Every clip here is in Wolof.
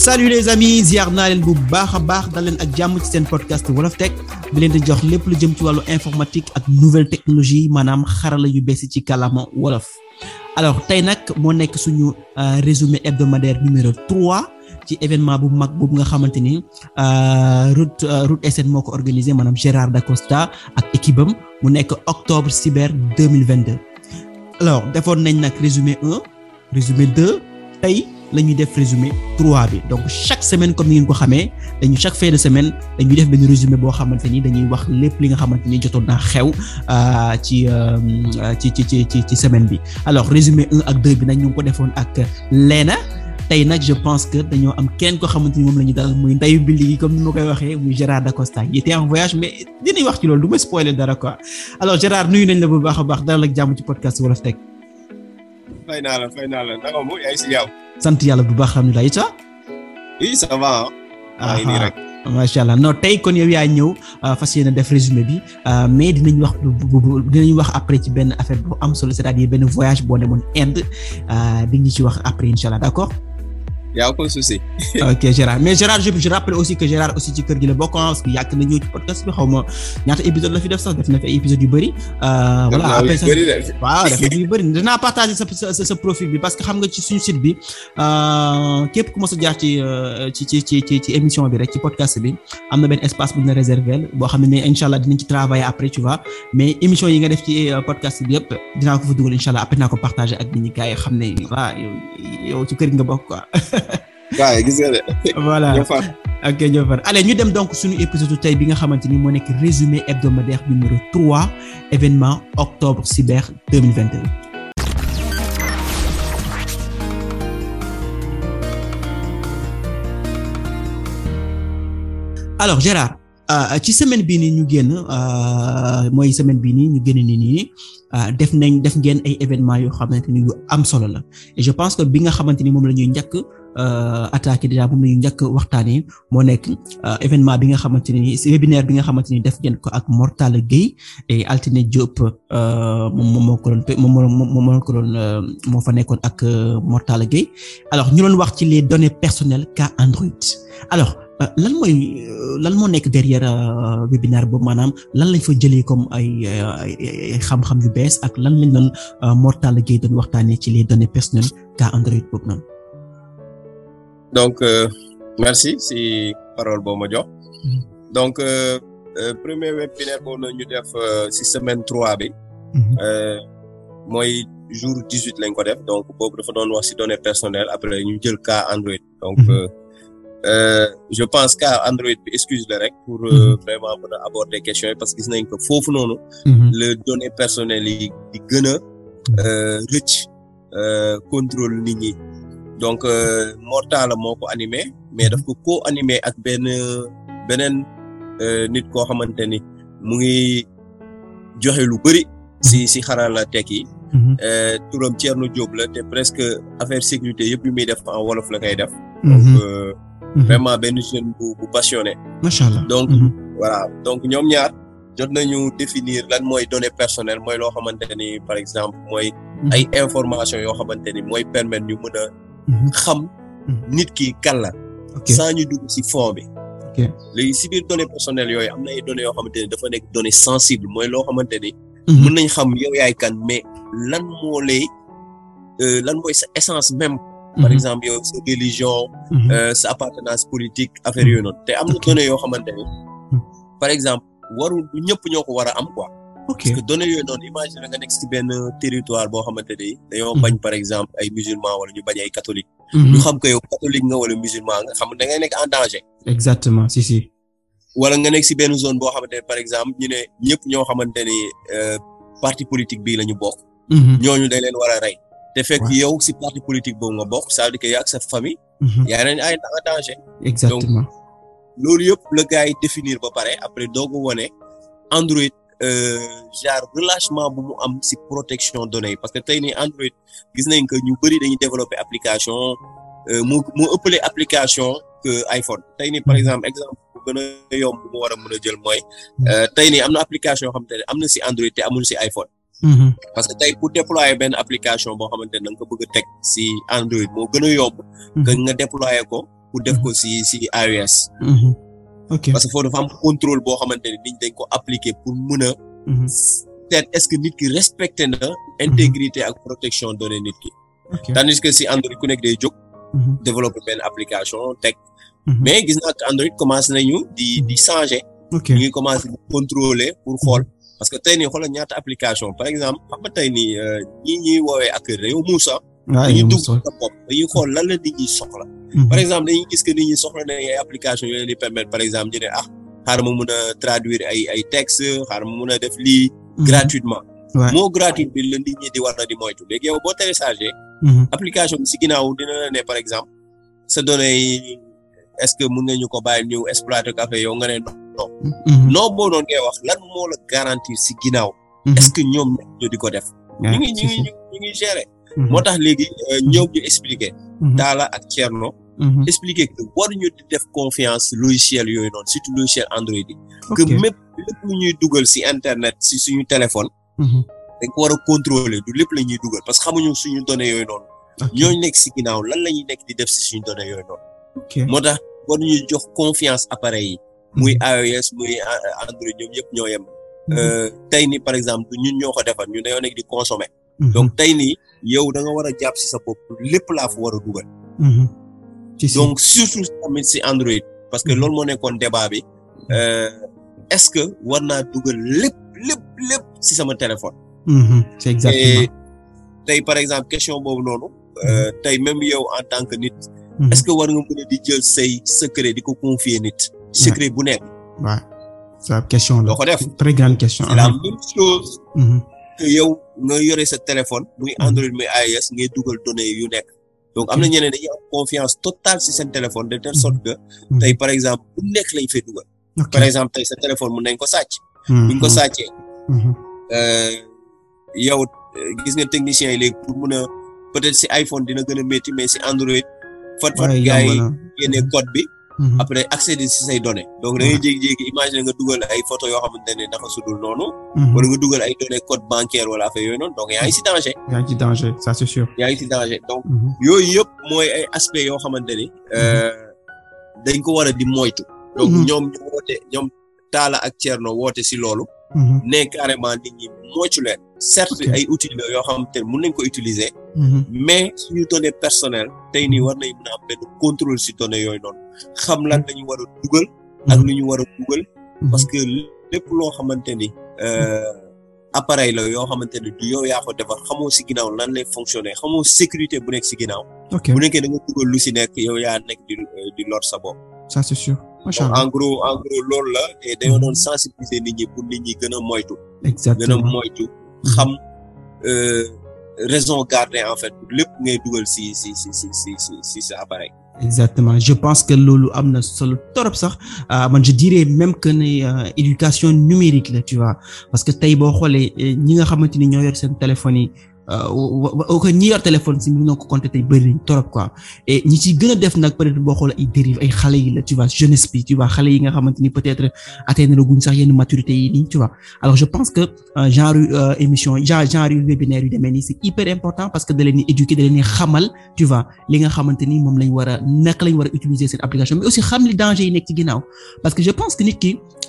salut les amis ziar naa leen bu baax a baax dal leen ak jàmm ci seen podcast wolof tech bi leen di jox lépp lu jëm ci wàllu informatique ak nouvelle technologie maanaam xarala yu bees ci kàllaama wolof. alors tey nag moo nekk suñu euh, résumé hebdomadaire numéro 3 ci événement bu mag boobu nga xamante ni euh, route euh, route SN moo ko organisé maanaam Gérard Dacosta ak équipe am mu nekk octobre cyber 2022. alors defoon nañ nag résumé 1 résumé 2 tey. la ñuy def résumé trois bi donc chaque semaine comme ni ngeen ko xamee dañu chaque fin de dañuy def benn résumé boo xamante ni dañuy wax lépp li nga xamante ni jotoon naa xew euh, euh, ci ci ci ci ci semaine bi alors résumé 1 ak 2 bi nag ñu ngi ko defoon ak Lena tey nag je pense que dañoo am kenn ko xamante ni moom la ñu dalal muy ndeyu bi ligi comme ni ma koy waxee muy Gérard Dacosta il était en voyage mais dinañ wax ci loolu du ma spoiler dara quoi alors Gérard nuyu nañ la bu baax a baax dalal ak jàmm ci podcast Wolof fay naa la fay naa la naka mu yaay si yow. sant yàlla bu baax alhamdulilah Issa. oui ça va. maa allah non tey kon yow yaay ñëw euh, fas yéene def résumé bi euh, mais dinañ wax dinañ wax après ci benn affaire bu am solo c'est-à-dire benn voyage boo demoon Inde euh, di ñu ci wax après incha allah d'accord. yaa ko souci. ok Gérard mais Gérard je je rappelle aussi que Gérard aussi ci kër gi la bokk parce que yàgg ci podcast la fi def sax def na fi ay épisodes bëri. Euh, voilà après ça sa sa bi parce que xam nga ci suñu site bi euh, ku mos a jaar euh, ci ci ci ci ci émission bi rek ci podcast bi am na benn la boo xam ne mais incha allah dinañ ci travailler après tu vois mais yi nga def ci podcast bi yëpp dinaa ko fa dugal incha allah après dinaa ko partager nga bokk quoi. waaye gis nga voilà ñu dem donc suñu épisode tey bi xamante ni moo nekk résumé hebdomadaire numéro 3 événement octobre cyber 2021 alors Gérard euh, ci semaine bii nii ñu génn euh, mooy semaine bii nii ñu génn nii nii euh, def nañ def ngeen ay événements yoo xamante ni yu am solo la je pense que bi nga xamante ni moom la ñuy njëkk Euh, attaques yi déjà moom la ñu njëkk moo nekk euh, événement bi nga xamante ni webinaire bi nga xamante ni def ngeen ko ak Mortal Gueye et Altine Diop euh, moom moo ko doon moom moo ko doon moo fa nekkoon ak Mortal Gueye alors ñu doon wax ci les données personnelles ka Android alors lan mooy lan moo nekk derrière webinaire boobu maanaam lan lañ fa jëlee comme ay ay xam-xam yu bees ak lan lañ doon Mortal Gueye doon waxtaanee ci les données personnelles cas Android boobu noonu. donc euh, merci si parole boo ma jox mm-hmm. donc euh, euh, premier webinaire boobu la ñu def euh, si semaine trois bi mm-hmm. mooy jour dix huit lañ ko def donc boobu dafa doon wax si données personnelles après ñu jël cas Android donc mm-hmm. je pense cas Android bi excuse la rek pour vraiment mën a aborder question yi parce que gis nañ que foofu noonu le données personnelles yi di gën a rëcc contrôle nit ñi donc euh, Mortala moo ko animé mais daf ko co-animé ak benn beneen euh, nit koo xamante ni mu ngi joxe lu bëri si si xarala tekki yi. Mhm. Euh, turam Thierno Diop la te presque affaire sécurité yëpp yu muy def en wolof la koy def. Mhm. donc mhm. vraiment benn jeune bu bu passionné. donc voilà donc ñoom ñaar jot nañu définir lan mooy données personnelles mooy loo xamante ni par exemple mooy. ay information yoo xamante ni mooy permettre ñu mën Mhm. xam mhm. nit ki kan la sans ñu dugg ci fond bi léegi ci biir données personnelles yooyu am na ay données yoo xamante ne dafa nekk données sensibles mooy loo xamante ni mhm. mën nañ xam yow yaay kan mais lan moo lay euh, lan mooy sa essence même par exemple yow sa religion euh, sa appartenance politique affaire yooyu noonu te am na données yoo xamante ni par exemple waru du ñëpp ñoo ko war a am quoi ok parce que données yooyu noonu imagine nga nekk ci benn territoire boo xamante ne dañoo bañ par exemple ay musulman wala ñu bañ ay catholique mhm. ñu xam ko yow catholique nga wala musulman nga xam da ngay nekk en danger. exactement si wala nga nekk ci zone boo xamante par exemple ñu ne ñëpp ñoo xamante euh, parti politique bii la mhm. ñooñu dañ leen a rey. te fekk yow ci parti politique boobu nga bokk ça veut dire que yaa ak mhm. danger. exactement donc loolu yëpp la gars a Euh, genre relâchement bu am si protection données yi parce que tey ni Android gis nañ que ñu bëri dañuy développer application euh, mu moo ëppale application que iPhone te ni par mm-hmm. exemple exemple bu gën a yomb bu mu war a mën a jël mooy euh, tey ni am na application yoo am na si Android te amul si iPhone mm-hmm. parce que tey pour déployer benn application boo xamante ne da nga ko bëgg a teg si Android moo gën a yomb mm-hmm. que nga déployer ko pour def ko si si iOS ok parce que foofu dafa contrôle boo xamante ni dañ dañ ko appliquer pour mën a. Mhm. est-ce que nit ki respecté na. intégrité ak protection données nit ki. tandis que si Android ku nekk day jóg. Mhm. développer benn application teg. Mhm. mais gis naa que Android commencé nañu ñu di changer. ok ñu ngi commencé di pour xool. parce que tey nii xoolal ñaat application par exemple xam nga tey nii euh, ñi ñuy woowee ak réew Ah, dañuy dugg sa bopp dañuy xool lan la hmm. par exemple dañuy gis que nit ñi soxla na ah xaaral ma mun a ay ay texte xaaral ma mun a hmm. gratuitement moo gratuite bi la nit ñi di war na di moytu léegi yow boo téléchargé hmm. par exemple sa est-ce que mun nga ñu ko bàyyi ñu exploiter café yow nga ne non non boo noonu ngay wax lan moo la garantir si ginnaaw est-ce que ñoom ñu def ñu ngi ñu Mhm. moo tax léegi ñoom euh, mhm. ñu expliquer mhm. Talla ak Thierno expliquer que waruñu def confiance logiciel yooyu noonu surtout logiciel Android yi que mépp lépp dugal si internet si suñu téléphone dañ ko war a contrôler du lépp la ñuy dugal parce que xamuñu suñu données yooyu noonu ñooñu nekk si ginnaaw lan la ñuy nekk di def si suñu données yooyu noonu moo tax waruñu jox confiance appareil yi muy iOS muy Android ñoom yëpp ñoo yem euh, tey ni par exemple ñun ñoo ko defar ñun dañoo di consommer Mhm. donc tey nii yow da nga war a jàpp si sa bopp lépp laa fa war a dugal. Mhm. donc surtout tamit si Android. parce que mhm. loolu moo nekkoon débat bi euh, est-ce que war naa dugal lépp lépp lépp si sama téléphone. c'est exactement tey par exemple question boobu noonu. Euh, tey même yow en tant que nit. est-ce que war nga mën a di jël say secret di ko confier nit. secret bu nekk. waaw ça question la. def très grande question. c'est la même chose. que yow nga yore sa téléphone muy mhm. Android muy iOS ngay dugal données yu nekk donc am na ñeneen dañuy am confiance totale si seen téléphone de telle mhm. sorte que mhm. tey par exemple bu nekk lañ fay dugal par exemple tey sa téléphone mun nañ ko sàcc buñ ko sàccee euh, yow euh, gis nga techniciens yi léegi pour mun peut-être si iPhone dina gën a métti mais si Android fat fat gars yi génnee code bi Mhm. après accéder si say données. donc da ngay jékki-jékki imaginer nga dugal ay photo yoo xamante ne naka sudul noonu. Mhm. wala nga dugal ay données code bancaire wala affaire yooyu noonu donc yaa ngi danger. yaa ngi danger ça c'est sûr. yaa ngi si danger mhm. yëpp mooy ay aspects yoo xamante ne. Euh, dañ ko war a di moytu. donc ñoom ñu woote ñoom Talla ak Thierno woote si loolu. ne carrément nit ñi moytu leen. certes ay outils la yoo xamante ne mën ko utiliser. Mhm. mais suñu données personnelles tey nii mhm. war nañ mën a am si données yooyu noonu xam lan mhm. la ñu war a dugal. ak lu ñu war a dugal. parce que lépp loo xamante ni euh, appareil la yoo xamante ni du yow yaa ko defar xamoo si ginnaaw lan lay fonctionner xamoo sécurité bu nekk si ginnaaw. bu nekkee da nga lu si nekk yow yaa nekk di euh, di lor sa bopp. ça c'est sûr macha allah loolu la et dañoo doon sensibiliser nit ñi pour nit ñi gën a moytu. exactement gën a moytu xam. Euh, raison garder en fait lépp ngay dugal si si si si si si si sa appareil. exactement je pense que loolu am na solo torop sax ah, man je dirais même que ne euh, éducation numérique la tu vois parce que tey boo xoolee eh, ñi nga xamante ni ñoo yor seen téléphone yi. Euh, au que ñi yor téléphone si mën na ko compter tey bëri trop quoi et ñi ci gën a def nag peut-être boo xoolee ay dérive ay xale yi la tu vois yi nga xamante ni peut-être atteindre guñ sax yenn maturité yi nii alors je pense que euh, genre euh, émission genre genre yu webinaire yu demee nii c'est hyper important parce que da leen di éduquer da leen di xamal li nga xamante ni moom lañ war a naka lañ war a utiliser cette application mais aussi xam li danger yi nekk ci ginnaaw parce que je pense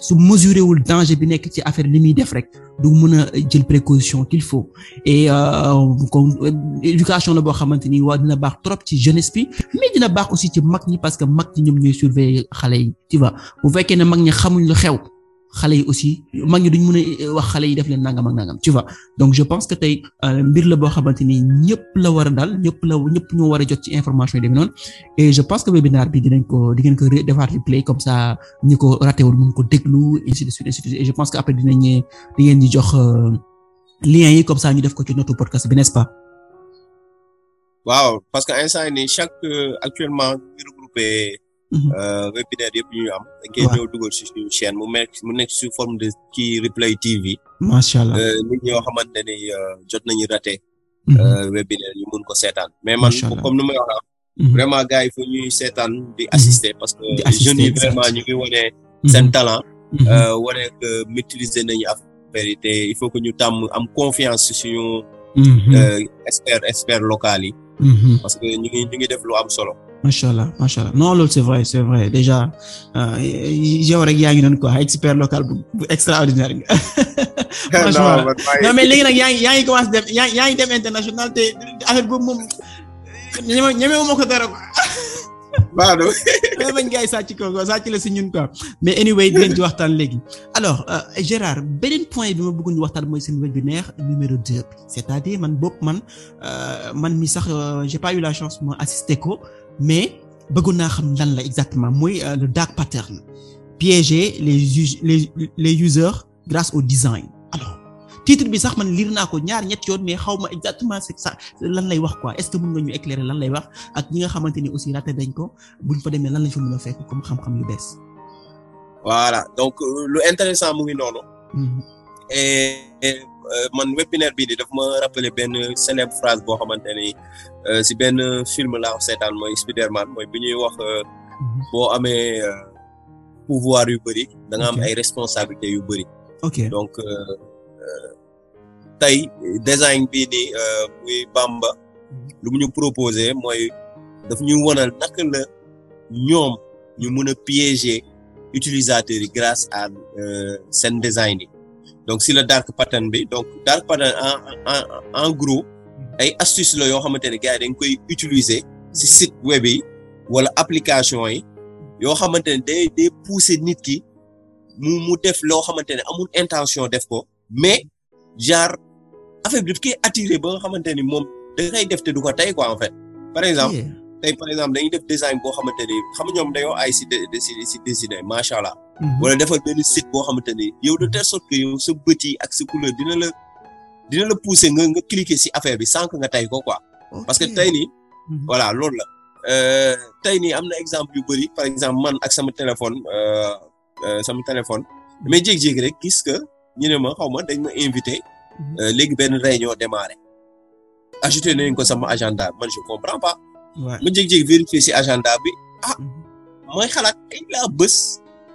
su mesurer wul danger bi nekk ci affaire li muy def rek du mën a jël précaution qu'il faut et comme euh, éducation la boo xamante ni waa dina baax trop ci jeunesse bi mais dina baax aussi ci mag ñi parce que mag ñi ñoom ñooy surveiller xale yi tu vois bu fekkee ne mag ñi xamuñ lu xew. xale yi aussi mag ñi duñ mën a eh, wax xale yi def leen nangam ak nangam tu donc je pense que tey euh, mbir la boo xamante ni la war a dal ñëpp la ñëpp ñoo war a jot ci information yi demee noonu et je pense que webinaire bi dinañ ko di ngeen ko defaat replay comme ça ñi ko raté woon mën ko déglu je pense que après dinañ eh, di jox euh, liens yi comme ça ñu def ko ci notre podcast bi nest pas. waaw parce que instant yii nii chaque euh, actuellement ñu regroupé. Mhm. Euh, webinaire yëpp ñu am. waaw dañ koy mu nekk mu nekk sous forme de ci replay TV. macha allah euh, nit ñoo xamante ne euh, jot nañu raté. Mhm. rate ñu mun ko seetaan. mais man comme nu may wax mhm. vraiment gars yi fu ñuy seetaan di assister parce que jeunes yi vraiment ñu ngi wane seen talent. wane que maîtriser nañu affaire yi te il faut que ñu tàmm am confiance si suñu. expert expert local yi. parce que ñu ngi ñu am solo. macha allah macha allah non loolu c'est vrai c'est vrai déjà euh, yow rek yaa ngi noonu quoi expert local bu bu extraordinaire nga. mais léegi nag yaa ngi yaa ngi commencé dem yaa ngi yaa ngi dem international te affaire boobu moom ñeme ñeme wu ma ko dara quoi. waaw ko quoi la si ñun quoi mais anyway dinañ ci waxtaan léegi alors euh, Gérard beneen point bi ma bëggoon ñu waxtaan mooy seen webinaire numéro deux bi c'est-à-dire man bopp man euh, mi sax j'ai pas eu la chance ma assister ko. mais bëggoon naa xam lan la exactement mooy euh, le dark pattern piéger les les les users grâce au design alors titre bi sax man liir naa ko ñaar ñett yoon mais xaw ma exactement c'est ça lan lay wax ko est-ce nga ñu éclairer lan lay wax ak ñi nga xamante ni aussi raté dañ ko buñ fa demee lan lañ fa mën a fekk comme xam-xam yu bees. voilà donc euh, lu intéressant mu ngi noonu. Mhm. Euh, man webinaire bii nii daf ma rappeler benn célèbre phrase boo xamante ni euh, si benn film laa ko mooy Spiderman mooy bi ñuy wax euh, mhm. boo amee pouvoir yu bëri da nga am ay responsabilité yu bëri ok donc tey design bii nii muy Bamba lu ñu proposé mooy daf ñuy wonal naka la ñoom ñu mën a piéger utilisateurs yi grâce à sen design yi donc si la dark pattern bi donc dark pattern en en en gros hmm. ay astuces la yoo xamante ne gars da dañ koy utiliser si site web yi wala application yi yoo xamante ne de day nit ki mu mu def loo xamante ne amul intention def ko mais genre affaire bi daf koy attirer ba nga xamante ni moom da ngay def te du ko tey quoi en par exemple. tey par exemple dañuy def design boo xamante ni xam nga ñoom dañoo ay si si si macha allah. Mm-hmm. wala defal benn site boo xamante ne yow de telle sorte que yow sa bët yi ak sa couleur dina la dina la pousser nga nga cliquer si affaire bi sans nga tay ko quoi. parce que tey nii. Mm-hmm. voilà loolu la. Euh, tey nii am na exemple yu bëri par exemple man ak sama téléphone euh, euh, sama téléphone mais jékki-jékki rek gis que ñu ne ma xaw ma dañ ma invité. Mm-hmm. léegi benn réunion démarré. ajouté nañ ko sama agenda man je comprends pas. ma jékki vérifier si agenda bi ah. mooy xalaat kañ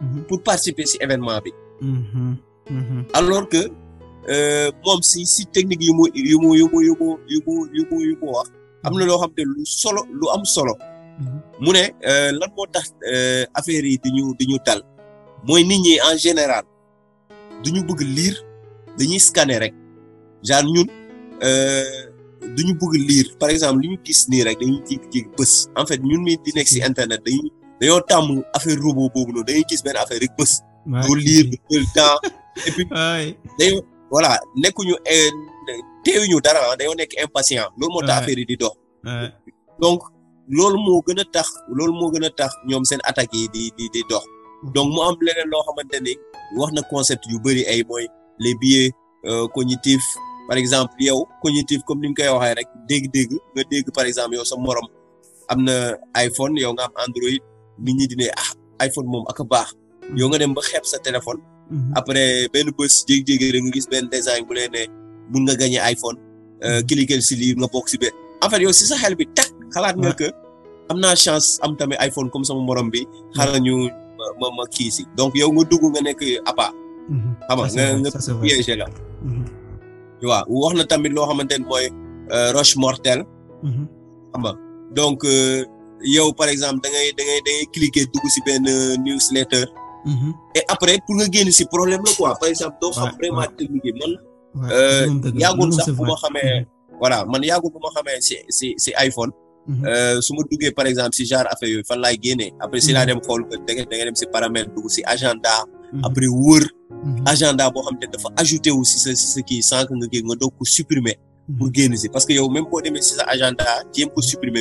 Mhm. pour participer si événement bi. Mhm. Mhm. alors que euh, moom ci ci technique yu mu yu mu yu mu yu mu yu mu yu mu yu am na loo xam te lu solo lu am solo. mu ne euh, lan moo tax euh, affaire yi di ñu di ñu dal mooy nit ñi en général du ñu bëgg lire dañuy scanner rek genre ñun du ñu bëgg lire par exemple li ñu gis nii rek dañuy jékki-jékki bës en fait ñun mi di nekk ci internet dañuy. dañoo tàmm affaire robot boobu noonu dañuy gis benn affaire rek bës. waaw du lire du jël temps. et puis dañoo voilà nekkuñu euh, teewuñu dara ah nekk impatient. loolu moo tax affaire yi di dox. donc loolu moo gën a tax loolu moo gën a tax ñoom seen attaques yi di di dox. Mm-hmm. donc mu am leneen loo xamante ni wax na concept yu bëri ay mooy les biais euh, cognitifs par exemple yow cognitif comme ni ñu koy waxee rek dégg-dégg nga dégg par exemple yow sa morom am na iPhone yow nga am Android. nit ñi di ne ah iPhone moom ak a baax. Mm-hmm. yow nga dem ba xeeb sa téléphone. Mm-hmm. après benn bés jékki-jékki rek nga gis benn design bu leen ne mun nga gagné iPhone. Euh, mm-hmm. cliquer si lii nga bokk si benn. en si sa xel bi tak xalaat nga que am naa chance am tamit iPhone comme sama morom bi. xaaral ñu ma ma kii si. donc yow nga dugg nga nekk apa. xam nga nga nga piégé la. na tamit loo xamante ne mooy euh, roche mortelle. xam donc. Euh, yow par exemple da ngay da ngay da ngay cliquer dugg si benn euh, newsletter. Mhm. et après pour nga génn si problème la quoi par exemple doo xam vraiment technique man. Euh, yaagul mhm. bu ma xamee. voilà man yaagul bu ma xamee si si si iPhone. Mhm. Euh, su ma duggee par exemple si genre affaire yooyu fan laay génnee. après si laa dem xool da dem si paramètre dugg si agenda. après wër. agenda boo xam te dafa ajouté wu si sa kii sànq nga génn nga doog ko supprimer. pour génn si parce que yow même boo demee si sa agenda jéem ko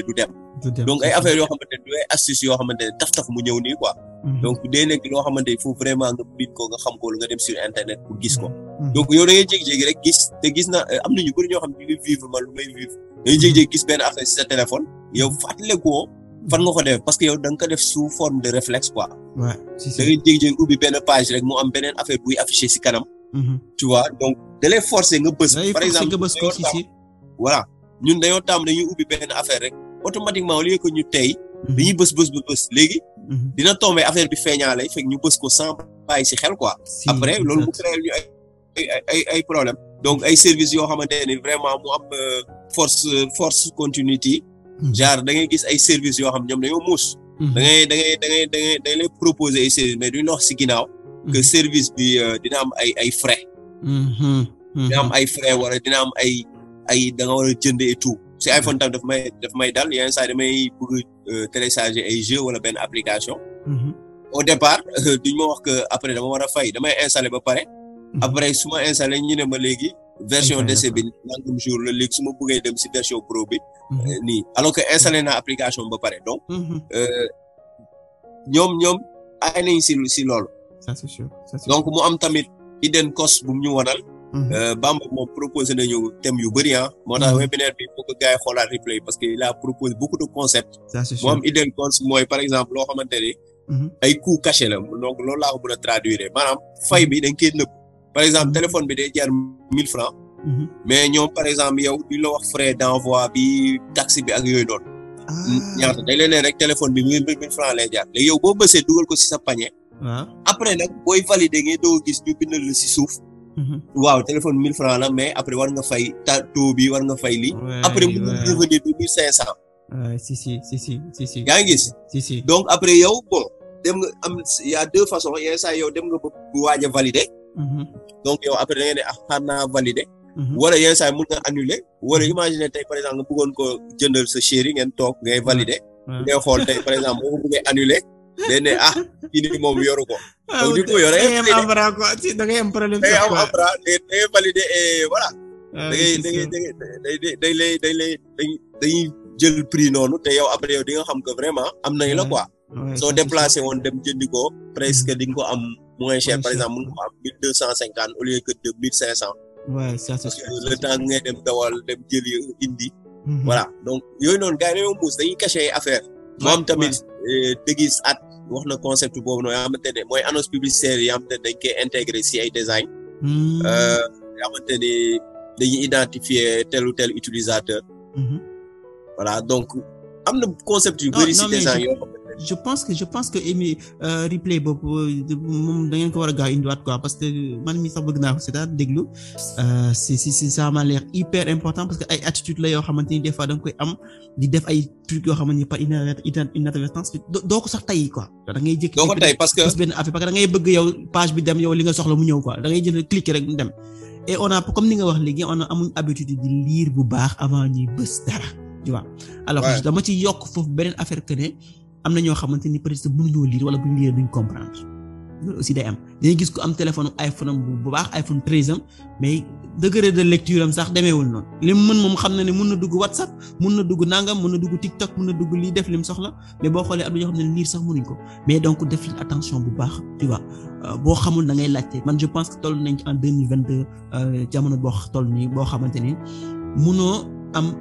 du dem. donc ay affaires yoo xamante ne du taf taf mu ñëw nii mhm. donc day nekk loo xamante vraiment nga bind ko nga ko nga sur internet pour gis ko. Mhm. donc yow da ngay jékki-jékki rek gis te gis na am na ñu bëri ñoo xam ne ñu ngi vivre vivre da ngay jékki-jékki affaire si sa téléphone yow fàttali ko fan nga ko parce que yow da nga sous forme de réflexe quoi. waaw si si da ngay page rek mu am beneen affaire buy affiché mhm. si kanam. tu automatiquement au lieu que ñu tey. Mhm. dañuy bës bës ba bës léegi. Mhm. dina tombé affaire bi feeñaa lay fekk ñu bës ko sans bàyyi si xel quoi. après loolu ay ay ay donc ay services yoo xamante ne vraiment mu am euh, force euh, force continuité. Mhm. genre da ngay gis ay services yoo xam ñoom dañoo muus. da ngay da ngay da da ngay da lay proposer ay services mais duñ wax si ginnaaw. que service bi euh, dina am ay ay frais. dina am ay frais wala dina am ay ay da nga war si iPhone tam daf may daf may dal yenn saa damay bëgg euh, télécharger jeux wala benn application. Mhm. au départ duñ ma wax que après dama war a fay damay installer ba pare. Mhm. après su ma installé ñu ne ma léegi. version d'essai bi nangam jour la léegi su ma dem si version pro bi. Mhm. Euh, nii alors que installé naa application ba pare donc. Euh, ñoom ñoom ay nañ si si loolu. donc mu am tamit hidden cost bu mu Mm-hmm. Euh, Bamba moom proposé nañu thème yu bëri ah. Mm-hmm. bi foog gars yi replay parce que il a proposé beaucoup de concepts. ça c'est concept mooy par exemple loo xamante ne. Mm-hmm. ay donc loolu a traduire maanaam fay bi dañ koy nëb. par exemple téléphone bi day jar mille francs mais ñoom par exemple yow duñ la wax frais d'envoi bi taxi bi ak yooyu ah. ñaata dañ rek téléphone bi mille mille francs jar léegi yow boo dugal ko ci sa ah. nag booy valider ngay doo gis ñu Mm-hmm. waaw téléphone 1000 francs la mais après war nga fay ta taux bi war nga fay lii. après mu ngi revenir de si si si si si si. ngi gis. si si donc après yow bon nga am y' a façon façons yenn saa yow dem nga ba waaj a valider. Mm-hmm. donc yow après da ngeen di ah xaar naa valider. Mm-hmm. wala yenn saa yi mun nga annuler wala imaginer tey par exemple nga bëggoon ko jëndal sa chéri ngeen toog ngay valider. ngay xool tey par exemple boo ko bëggee day ne ah kii nii moom yoru ko. waaw donc di ko yore. Ah. Ah, da ngay am abra quoi da ngay am problème. da da ngay validé voilà. da ngay da ngay da ngay day lay day lay dañuy jël prix noonu te yow après yow di nga xam que vraiment am nañ la quoi. soo woon dem jëndi ko presque hmm. di nga ko am moins cher par exemple mun ko am mille deux cent cinquante au lieu de mille cinq cent. waaw ça tamit eh, déguise at wax na concept boobu noonu yoo xamante ne mooy annonce publicitaire yi yoo xamante ne dañ koy intégré si ay design. Hmm. Euh, identifier tel ou tel utilisateur. Mhm. voilà donc am na concept yu design je pense que je pense que émi euh, replay boobu moom da ngeen ko war a gaaw indiwaat quoi parce que man mi sax bëgg naa ko seetaan déglu euh, si si si ça m'a important parce que ay attitude la yoo xamante ni des fois da nga koy am di def ay trucs yoo xamante ni par inadvertance doo ko sax tay quoi da ngay jékki doo ko tay parce que benn affaire parce que da ngay bëgg yow page bi dem yow li nga soxla mu ñëw quoi da ngay jël rek mu dem et on a comme ni nga wax léegi on amuñ habitude yokk foofu beneen affaire que am na ñoo xamante ni peut-être mënuñoo lire wala bu ñu lire comprendre loolu aussi day am dañuy gis ku am téléphone iPhone am bu baax iPhone 13 am mais degré de lecture am sax demeewul noonu li mu moom xam na ne mun na dugg WhatsApp mun na dugg nangam mun na dugg TikTok mun na dugg lii def lim soxla mais boo xoolee am na ñoo xam ne lire sax mënuñ ko mais donc def attention bu baax tu euh, boo xamul da ngay laajte man je pense que toll nañ en deux mille vingt deux euh, jamono boo toll nii boo xamante ni am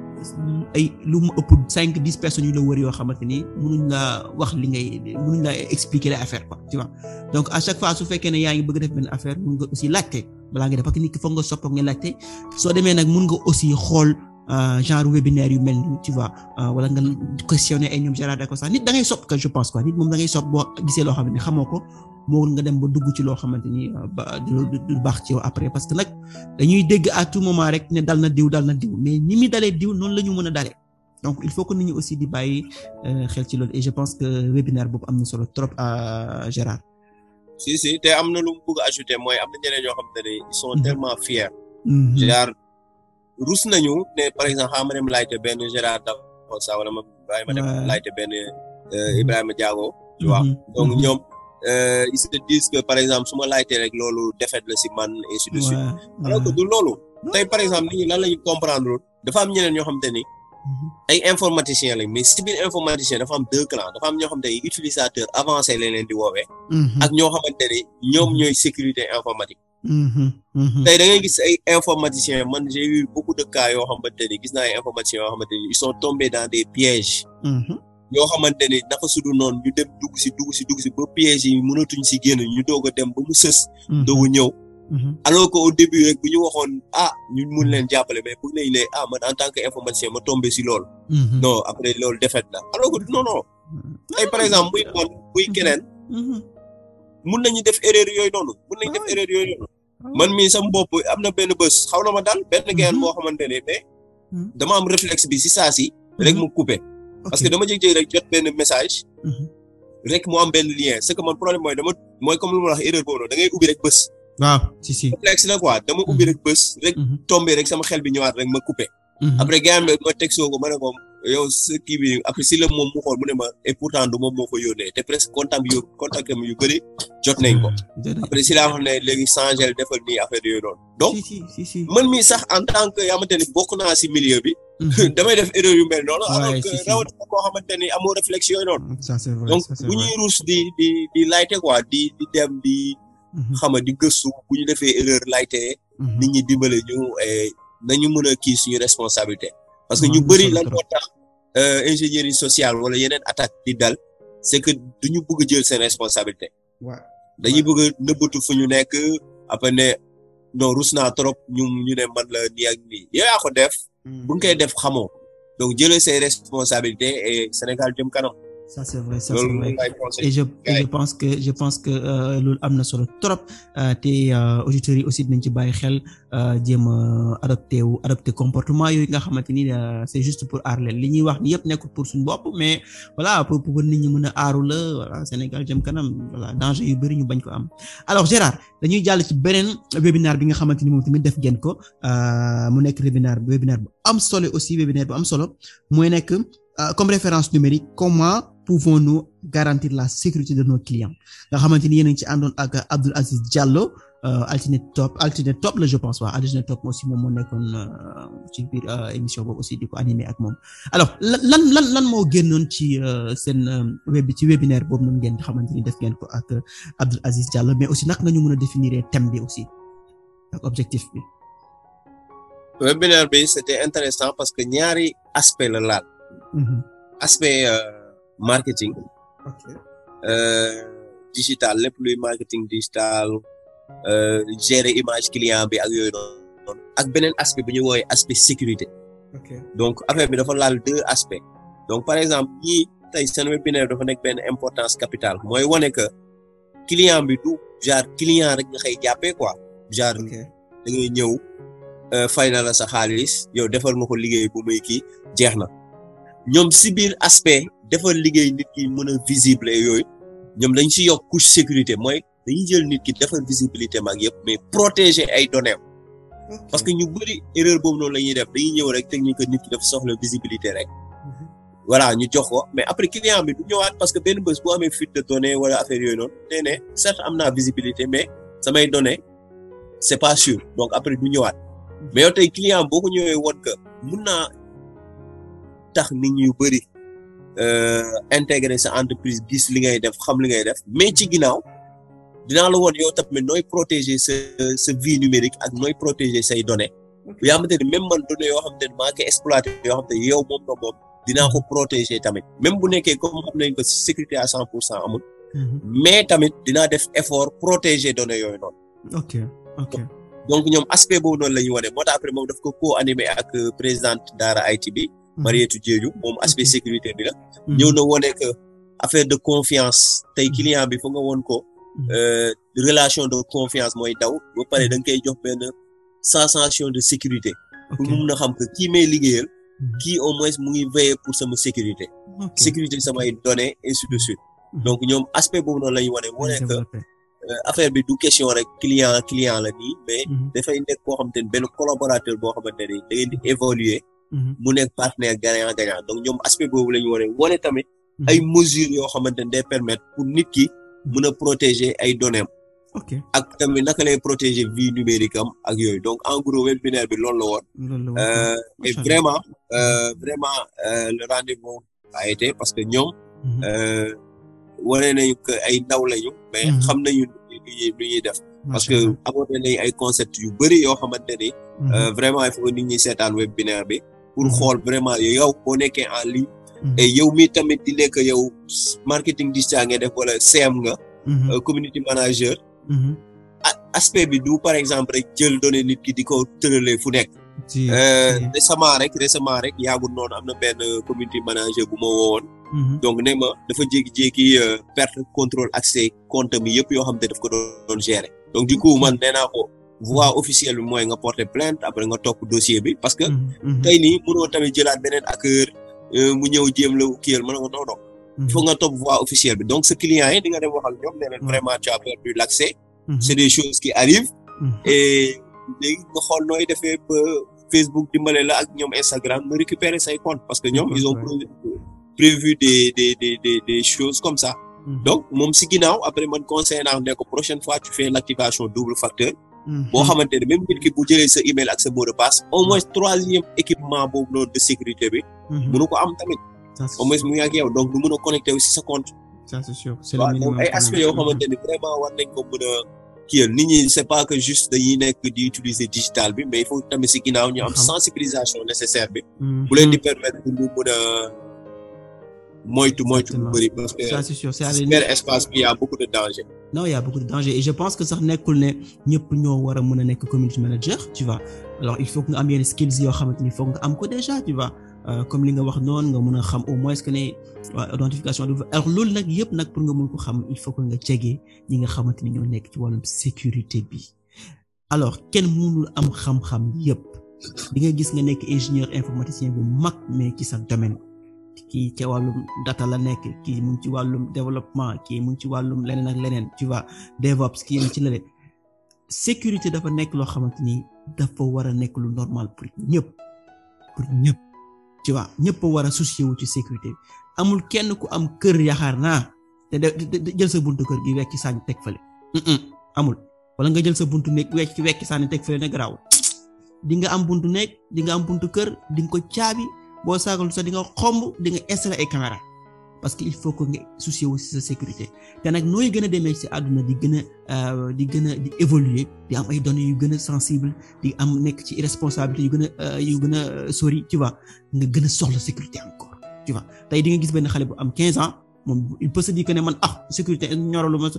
ay lu mu ëpp cinq dix personnes yu la wër yoo xamante ni mënuñ la wax li ngay mënuñ la expliquer la affaire quoi tu vois donc à chaque fois su fekkee ne yaa ngi bëgg def benn affaire mun nga aussi laajte balaa nga def parce que nit ki foog nga sopp nga laajte euh, yu mel nii tu vois euh, wala nga questionner ay ñoom Gérard Dacosta nit da ngay sopp que je pense nit moom da ngay boo gisee loo xam ne xamoo ko moo nga dem ba dugg ci loo xamante ni euh, du baax ci yow après parce que nag dañuy dégg atu tout moment rek ne dal na diw dal na diw mais ni mi dalee diw noon la ñu mën a dalee donc il faut que nit aussi di bàyyi euh, xel ci lool je pense que webinaire boobu am na solo trop à Gérard. si si te am na lu mu bëgg mooy am na ñeneen ñoo xam ne ils sont mhm. tellement fiers. Mhm. Gérard rus nañu ne par exemple xam nga laajte benn Gérard Dafosa wala ma Ibrahima laajte benn euh, Ibrahima mhm. donc ñoom. Euh, ils par exemple su ma laajtee rek loolu défaite la si man ainsi de suite alors que du loolu tey par exemple nit ñi lan lañu dafa am ñeneen mhm. ay informaticiens lañ mais si informaticien dafa am deux utilisateur avancé lañ leen di woowee mhm. ak ñoo xamante ni ñoom ñooy informatique mhm, tey da ngay gis ay informaticiens man j'ai eu beaucoup de cas yoo xamante ni gis naa ay informaticiens yoo xamante ni ils sont dans des pièges yoo xamante ni naka su dul noonu ñu dem dugg si dugg si dugg si ba piège yi mënatuñ si génn ñu doog a dem ba mu sës. Mhm. doog a ñëw. Mhm. alors ñu waxoon ah, leen jàppale mais pour ah, man en tant que informaticien ma tombé si loolu. Mhm. non après loolu défaite la alors que par exemple muy kon muy keneen. mun nañu def erreur yooyu noonu mun nañu ah man mii sama bopp am na benn bés ma daal benn gayan boo xamante ne mais. dama am réflexe bi si saa si. rek mu coupé. parce que dama jékki-jékki rek jot benn message. Mhm. rek moo am benn lien c'est que man problème mooy dama mooy comme lu ma wax erreur boobu noonu da ngay ubbi rek bës. waaw si si complexe dama ubbi mhm. rek bës. rek mhm. tombé rek sama xel bi ñëwaat rek ma coupé. après gars yi ma textoo ko ma ne ko yow sa kii bi après si la moom mu xool mu ne ma et du moom moo ko yónnee te presque contact yu contact am yu jot nañ ko. après si laa xam ne léegi changé defal nii affaire yooyu noonu. donc man mii sax en tant que yaa xamante ne bokk naa si milieu bi. Mm-hmm. damay def erreur yu mel noonu. koo xamante ni amoo réflexion yooyu noonu. ça c'est vrai donc bu ñuy ruus di di di layte di dem di. Mm-hmm. xam nga di gëstu bu ñu defee erreur layte. Mm-hmm. nit ñi dimbale ñu nañu mën a kii suñu responsabilité. parce que ñu bëri lan moo tax euh, ingénierie sociale wala yeneen attaque di dal c'est que duñu bëgg jël seen responsabilité. waaw dañuy bëgg a nëbbatu fu ñu nekk après ne non naa trop ñu ñu ne man la def. bu ñu koy def xamoo donc jëlee ses responsabilités e Sénégal jëm kanam. ça c'est vrai pense que je euh, am na solo trop euh, te euh, auditeurs yi aussi dinañ ci bàyyi xel jéem a adopté wu adopté comportement yooyu nga xamante ni c'est juste pour aar li ñuy wax ni yëpp nekkul pour suñ bopp mais voilà pour pour ni ñu mën a aaru la voilà Sénégal jëm kanam voilà danger yu bëri ñu bañ ko am. alors Gérard dañuy jàll ci beneen webinaire bi nga xamante ni moom tamit def ngeen ko mu nekk webinaire webinaire am solo aussi webinaire bu am solo mooy nekk comme référence numérique comment. pouvons-nous garantir la sécurité de nos clients nga xamante ni yéen a ci àndoon ak Abdoul Aziz Diallo euh, Alternate Top Alternate Top je pense waaw Alternate Top aussi moom moo nekkoon euh, ci biir euh, émission boobu aussi di ko animé ak moom alors lan lan lan moo génnoon ci seen web ci webinaire boobu noonu ngeen xamante ni def ngeen ko ak Abdoul Aziz Diallo mais aussi naka nga ñu mën a définir thème bi aussi ak objectif bi. webinaire bi c'était intéressant parce que ñaari aspect la laal. Mm-hmm. marketing. ok euh, digital lépp luy marketing digital euh, gérer image client bi ak yooyu noonu ak beneen aspect bu ñuy woowee aspect sécurité. donc affaire bi dafa laal deux aspects. donc par exemple ñii tey seen webinaire dafa nekk benn importance capitale mooy wane que client bi du genre client rek nga xëy jàppee quoi. genre da ngay ñëw euh, fay na la sa xaalis yow defal nga ko liggéey bu muy kii jeex na ñoom si aspect. defal liggéey nit ki mën a visible yooyu ñoom dañ ci yokk couche sécurité mooy dañuy jël nit ki defal visibilité maag yëpp mais protéger ay données parce que ñu bëri erreur boobu noonu la ñuy def dañuy ñëw rek technique nit ki dafa soxla visibilité rek mhm. voilà ñu jox ko mais après client bi du ñëwaat parce que benn bés bu amee fuite de données wala affaire yooyu noonu nee ne am naa visibilité mais samay données c'est pas sûr donc après du ñëwaat mhm. mais yow tey client boo ko ñëwee woon que mun tax nit yu bëri Euh, integre sa entreprise gis li ngay def xam li ngay def mais ci ginnaaw dinaa la woon yow tamit nooy protéger sa sa vie numérique ak nooy protéger say données. yoo xamante ni même man données yoo xamante ni maa ngi koy exploité yoo xamante ni yow moom la moom dinaa ko protéger tamit même bu nekkee comme xam nañ ko sécurité à cent pour cent amul. Mhm. mais tamit dinaa def effort protéger données yooyu noonu. ok ok donc ñoom aspect boobu noonu la ñuy wane moo tax après mom daf ko co-animé ak euh, présidente Daara IT bi. Marietou mhm. Diédiou moom aspect sécurité bi la. no mhm. na wone que affaire de confiance tey mhm. client bi foog nga woon ko. Euh, relation de confiance mooy daw ba pare da nga koy jox benn sensation de sécurité. pour mun a xam que kii may liggéeyal. kii au moins mu ngi veiller pour sama sécurité. sécurité samay données ainsi de suite. donc ñoom aspect boobu noonu la ñu wane wane que euh, affaire bi du question rek client client la nii mais. dafay nekk koo xamante ne benn collaborateur boo xamante ne da ngeen di évoluer. Mm-hmm. mu nekk partenaire gagnant gagnant donc ñoom aspect boobu la ñu wane wane tamit mm-hmm. ay mesures yoo xamante ne day permettre pour nit ki mm-hmm. mën a ay données ak tamit naka lay protéger vie numérique am ak yooyu donc en gros webinaire bi loolu la woon. Euh, vraiment euh, vraiment euh, le rendez-vous parce que ñoom. Euh, wane nañu que ay ndaw lañu. mais xam nañu def. parce que aborder nañu ay concepts yu bëri yoo xamante ni. Euh, vraiment il faut que nit ñi bi. pour mm-hmm. xool vraiment yow boo nekkee en ligne. Mm-hmm. et yow mi tamit di nekk yow marketing digital nga def wala CM nga. Mm-hmm. Euh, community manager. aspect bi du par exemple rek jël donné nit ki di ko tëralee fu nekk. Euh, récemment rek récemment rek yaagul noonu am na benn community manager bu ma donc ne ma dafa jékki-jékki euh, perte contrôle accès compte mi yëpp yoo xam ne daf ko doon gérer. donc du coup man nee naa ko voie mhm. officielle bi mooy nga porter plainte après nga topp dossier bi parce que mhm. Mhm. tey nii mënoo tamit jëlaat beneen a euh, mu ñëw jéem la kiyal mën a ko doo il faut nga topp voie officielle bi donc sa client yi di nga dem waxal ñoom ne leen vraiment tu as perdu l'accès c'est des choses qui arrivent et léegi nga xool nooy defee Facebook dimbale la ak ñoom Instagram nga récupérer say compte parce que ñoom ils ont prévu des des des des choses comme ça donc moom si ginnaaw après man conseil naa ne ko prochaine fois tu Mhm. boo xamante ne même nit ki bu jëlee sa email ak sa mot de passe au moins troisième équipement boobu noonu de sécurité bi. mënu mhm. ko am tamit. au moins mu ngi ak donc du mën a connecté aussi sa compte. ça c'est sûr c'est le minimum ay ne vraiment war nañ ko mën ñi c'est pas que juste dañuy nekk di utiliser digital bi mais il faut tamit si ginnaaw ñu am sensibilisation nécessaire bi. Mhm. bu leen di permettre pour ñu mën a moytu moytu. bu bëri parce que espace bi y a de danger. non yaa y a beaucoup je pense que sax nekkul ne ñëpp ñoo war a mun a nekk community manager tu vois alors il faut que nga am yenn skills yoo xamante ni foog nga am ko déjà euh, comme li nga wax noonu nga mën a xam au moins que ne identification de alors nag yëpp nag nga mën ko xam il faut que nga ceege ñi nga xamante ni ñoo nekk ci wàllum sécurité bi alors kenn mënul am xam-xam yëpp di nga gis nga nekk ingénieur informaticien bu mag mais ci sa domaine kii ca wàllum data la nekk kii mu ci wàllum développement kii mu ngi ci wàllum leneen ak leneen tu waa DevOps kii mu ci la sécurité dafa nekk loo xamante ni dafa war a nekk lu normal pour ñëpp pour ñëpp ci waa ñëpp a war a soucier wu ci sécurité amul kenn ku am kër yaxaar naa te de jël sa buntu kër gi ci sànni teg fële amul wala nga jël sa buntu nekk wekki wekki sànni teg fële ne garaaw di am buntu nekk di am buntu boo saagalu sax di nga xomb di nga installé ay caméra parce que il faut que nga soucier wu si sa sécurité te nag nooy gën a demee si àdduna di gën a euh, di gën a di évoluer am ay données yu gën a sensible di am nekk ci responsabilité yu gën a euh, yu gën a euh, sori tu vois nga gën a soxla sécurité encore tu vois tey di nga gis benn xale bu am quinze ans. moom il peut se dire que ne man ah sécurité ñoralu ma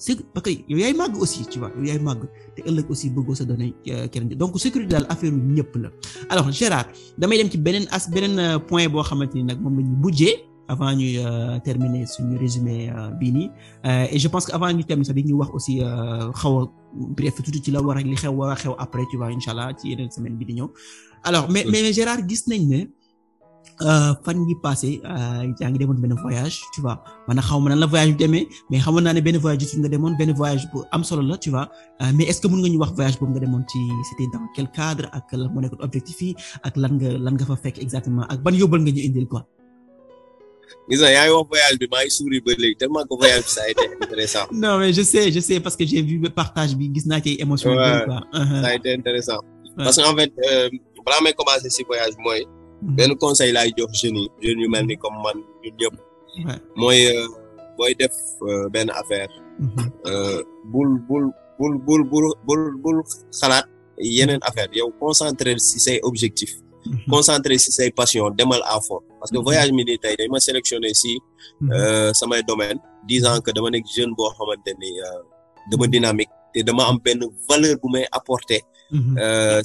c'est parce que yow yaay màgg aussi tu vois yow yaay màgg te ëllëg aussi bëggoo sa données euh, keneen donc sécurité daal affaire ñëpp la alors Gérard damay dem ci beneen as beneen euh, point boo xamante ni nag moom la ñu mujjee avant ñuy euh, terminer suñu résumé bii nii et je pense que avant ñu terminer sax dañuy wax aussi xaw a bref ci la war a li xew war a xew après tu vois incha allah ci yeneen semaine bi di ñëw alors mais mais gis nañ ne. Euh, fan yi passé euh, yaa ngi demoon benn voyage tu vois man xaw ma nan la voyage bi demee mais xam naa ne benn voyage bi demoon benn voyage bu am solo la tu vois euh, mais est-ce que mën nga ñu voyage lan nga fa fekk exactement ak ban nga ñu indil quoi. gis nga bi maa ngi souri ba léegi tellement que voyage bi parce que j'ai vu le partage naa ci émotion. waaw uh-huh. a été intéressant. may commencer ci voyage mooy. Mhm. benn conseil laay jox jeunes yi jeunes yu mel ni comme man ñun ñëpp. mooy euh, booy def euh, benn affaire. Mhm. Euh, bul bul bul bul bul bul bul xalaat yeneen mhm. affaire yow concentré si say objectif. concentré si say passion demal à fond parce que voyage mi nii tey dañ ma sélectionné si samay domaine disant que dama nekk jeune boo xamante ni dama dynamique te dama am benn valeur bu may apporter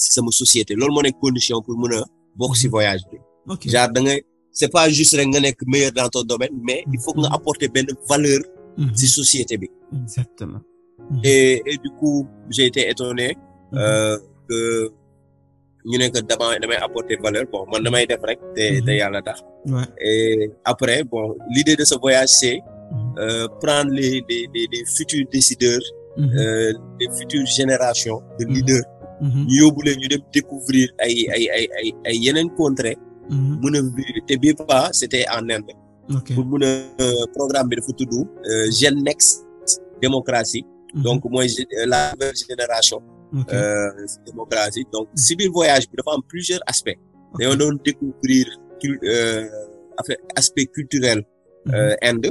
si sama société loolu moo nekk condition pour mën bokk si mhm. voyage bi. ok genre da ngay c'est pas juste rek nga nekk meilleur dans ton domaine mais il faut que nga mhm. apporter benn valeur. ci mhm. société bi. exactement. et et du coup j'ai été étonné. Euh, que ñu ne que dama damay apporter valeur bon man damay def rek. te te yàlla tax. et bon l'idée de ce voyage c'est euh, prendre les les les les futurs décideurs. Euh, les futures générations de leaders. Mm-hmm. ñu yóbbu leen ñu dem découvrir ay ay ay ay ay yeneen contrées. Mm-hmm. mën a te c'était en Inde. pour mën euh, programme bi dafa du euh, Gen Next démocratie. Mm-hmm. donc mooy euh, la nouvelle génération. démocratie donc si biir voyage bi dafa am plusieurs aspects. dañoo doon découvrir aspect culturel. Inde.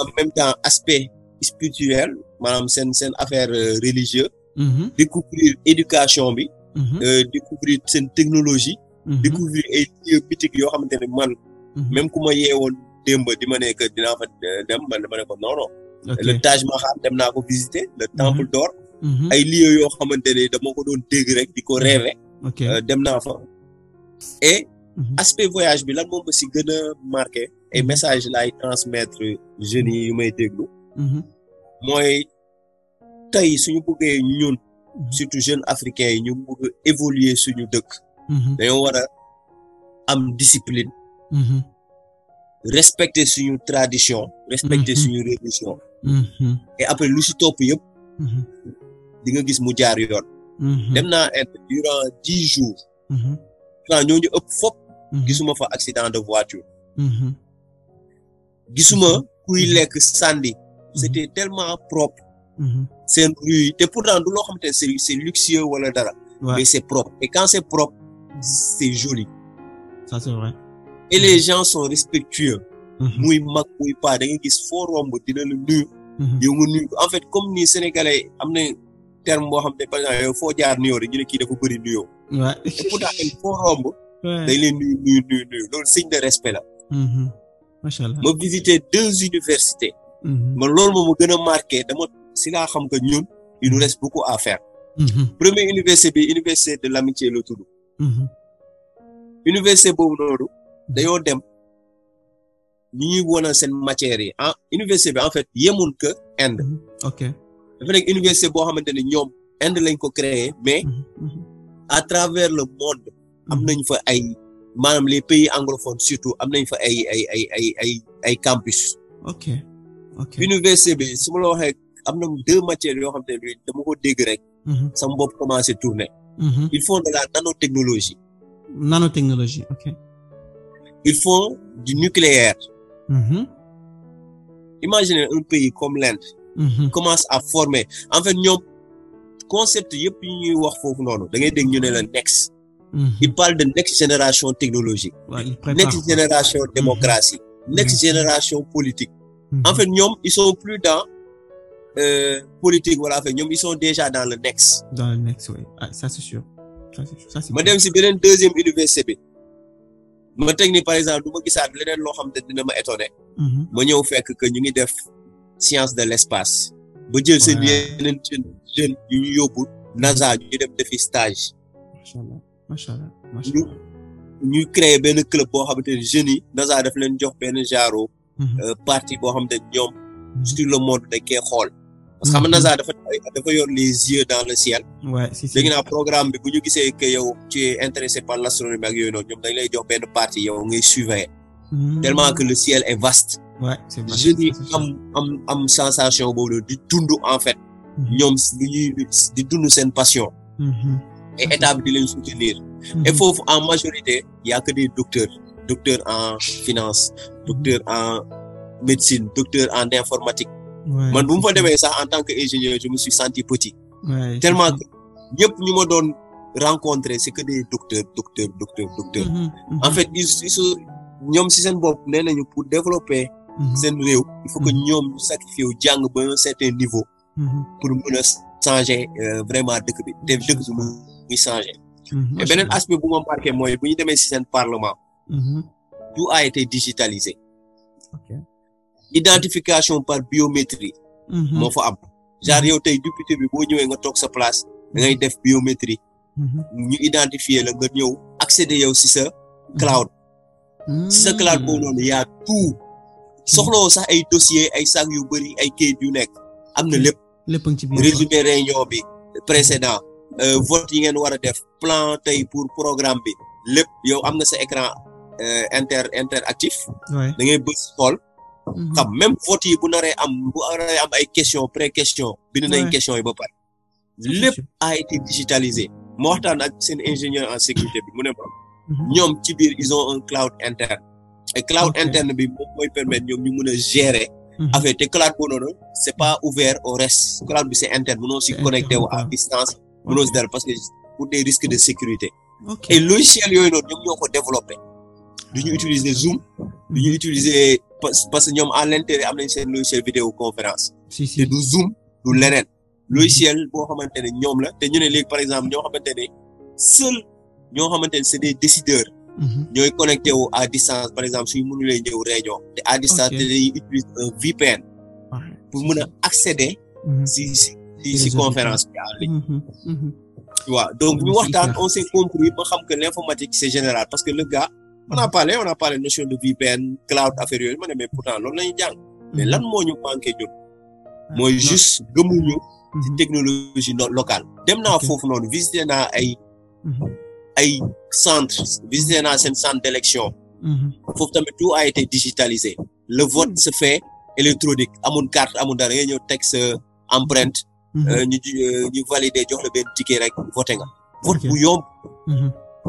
en même temps aspect spirituel maanaam seen seen affaire religieux. Mm-hmm. découvrir éducation bi. Mm-hmm. Euh, découvrir seen technologie. Mm-hmm. découvrir ay lieux mythiques yoo xamante ne man. même ku ma yeewoon démb di ma nekk dinaa fa euh, dem man dama ne ko non le Taj Mahal dem naa ko visiter le temple d'or ay lieux yoo xamante ne dama ko doon dégg rek di ko rêver. Euh, dem naa fa et. aspect voyage bi lan moom ma si gën a marqué. ay message laay transmettre jeunes yi yu may déglu. mooy tey suñu bëggee ñun mhm. surtout jeunes africains yi ñu bëgg évoluer suñu dëkk mhm. dañoo war a am discipline mhm. respecter suñu tradition respecter suñu religion et après lu si topp yëpp di nga gis mu jaar yoon dem naa Inde durant dix jours pourtant ñooñu ëpp fop gisuma fa accident de voiture gisuma kuy lekk sandi c'était tellement propre seen rue yi te pourtant du loo xamante ne c'est c'est luxueux wala dara. mais c'est propre et quand c'est propre c'est joli. ça c'est mm-hmm. gens sont respectueux. Mm-hmm. muy mag muy pas da nga gis foo romb dina la nuyu. Mm-hmm. yow nga en fait comme ni sénégalais am na terme boo xam ne par exemple yow foo jaar nuyoo rek ñu ne kii dafa bëri nuyoo. waaw te pourtant foo romb. dañ leen nuyu nuyu nuyu de respect la. macha allah ma visité deux universités. ma loolu moom ma gën dama si laa xam que ñun il nous mm-hmm. reste beaucoup à faire. Mm-hmm. premier université bi université de l'amitié la tudd. Mm-hmm. université boobu noonu dañoo dem ñu ñuy wonal seen matière yi ah université bi en fait yemul que ind ok dafa nekk université boo xamante ne ñoom Inde lañ ko créer mais à travers le monde am nañ fa ay maanaam les pays anglophones surtout am nañ fa ay ay ay ay ay ay campus. ok université bi su ma am na deux matières yoo xam ne luy dama ko dégg rek. Mhm. sama bopp commencé tourner. Mhm. ils font de la nanotechnologie. nanotechnologie ok. ils font du nucléaire. Mmh. imaginez un pays comme l'Inde. Mmh. commence à former en fait ñoom yëpp yi ñuy wax foofu noonu da ngay dégg ñu ne la next. Mhm. il parle de next génération technologique. Ouais, next génération démocratie. next génération politique. en fait ils sont plus dans euh, politique wala affaire ñoom ils déjà dans le next. dans le next ah, ma dem si beneen deuxième université bi ma teg ni par exemple du ma gisaat leneen loo xam ma étonné. Mhm. ma ñëw fek que ñu ngi def science de l'espace. ba jël seen yeneen jeunes jeunes yu ñu yóbbu ñu dem defi stage. ñu créé benn club boo xamante ne jeunes yi NASA daf leen jox benn genre. Mhm. Euh, parti boo xamante ne ñoom. Mhm. sur le monde dañ koy xool. parce que xam nga mhm. NASA dafa dafa yor les yeux dans le ciel. waay si si programme bi bu ñu gisee que yow tu es intéressé par l'astronomie ak yooyu noonu ñoom dañ lay jox benn yow ngay suivre. Mhm. tellement que le ciel est vaste. waay am am am sensation boobu di dund en fait. Mhm. ñoom di ñuy di dund seen passion. et état bi di leen soutenir. et foofu en majorité y a que des docteurs docteurs en finance docteurs en médecine docteurs en informatique. man bu mu fa demee sax en tant que ingénieur je me suis senti petit. tellement que ñëpp rencontrer c'est que des docteurs docteurs docteurs mm-hmm, mm-hmm. en fait ils ils ñoom si seen bopp nee nañu pour développer. Mm-hmm. seen réew il faut que ñoom ñu sacrifier wu jàng ba un certain niveau. pour mën a changer euh, bi te dëkk bi muy changer. et beneen aspect bu marqué mooy bu ñu demee si seen parlement. tout a été digitalisé. identification par biométrie. Mm-hmm. moo fa am genre mm-hmm. yow tey député bi boo ñëwee nga toog sa place da ngay def biométrie. Mm-hmm. ñu identifier la nga ñëw accéder yow si sa cloud. si sa cloud boobu noonu yaa tout soxlawoo sax ay dossier ay sac yu bëri ay kayit yu nekk am na lépp. lépp ci biir résumé réunion bi précédent euh, vote yi ngeen war a def plan tey pour programme bi lépp yow am nga sa écran euh, inter interactif. da ngay bës xool. Mhm. xam même vote yi bu am bu naree am ay question pré question bind nañ question yi ba pare lépp a été digitalisé ma waxtaan ak seen ingénieur en sécurité bi mu ne ma mhm. ñoom ci biir ils ont un cloud interne et cloud interne bi moom mooy permettre ñoom ñu mën a gérer mhm. affaire te cloud boo noonu c'est pas ouvert au reste cloud bi interne mënoo si connecté wu à distance mënoo parce que pour des risques de sécurité et logiciel yooyu noonu ñoom ñoo ko développé du ñu ah. utiliser Zoom du ñu utiliser parce que ñoom à l'intérieur am nañ seen logiciel vidéoconférence si te du zoom du leneen logiciel boo xamante ne ñoom la te ñu ne léegi par exemple ñoo xamante ne seul ñoo xamante ne c'est des décideurs ñooy mm-hmm. e connecté wu à distance par exemple si mënu lay ñëw réunion te à distance te dañuy utiliser pour mën a accéder mm-hmm. si si si conférence bi en ligne waaw donc bu ñu waxtaan on s'est compris ba xam l'informatique c'est général parce que le gars on a parlé on a parlé notion de VPN cloud affaire yooyu ma ne mais pourtant loolu la ñu jàng. mais mhm. lan moo ñu manqué ñun. Ah, juste gëmuñu. Mhm. technologie locale. dem naa foofu noonu visité naa ay. Mhm. ay centre visité naa seen centre d'élection. foofu tamit tout a été digitalisé. le vote hmm. se fait électronique amul carte amul dara ngay ñëw teg sa empreinte. Euh, ñu euh, ñu valider jox la benn ticket rek voté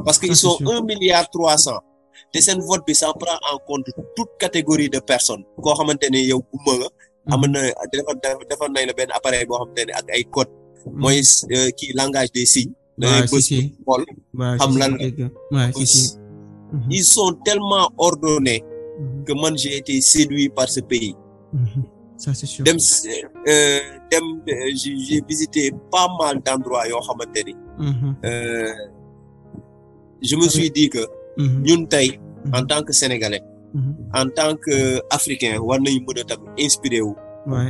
parce que ils un milliard trois cent. te seen vote bi ça prend en compte toute catégorie de personnes koo xamante ne yow gumba nga am na defar defar nañ la benn appareil boo xamante ne ay code mm. mooy euh, kii langage des signes dangay bës xool xam lan la mm-hmm. ils sont tellement ordonnés mm-hmm. que man j'ai été séduit par ce pays mm-hmm. ça c'est sûr dem euh, dem j'ai visité pas mal d'endroits yoo xamante ni euh, je me ah suis dit que Mm-hmm. ñun tey en mm-hmm. tant que sénégalais. Mm-hmm. en tant que africain war nañu mën a tamit inspiré wu.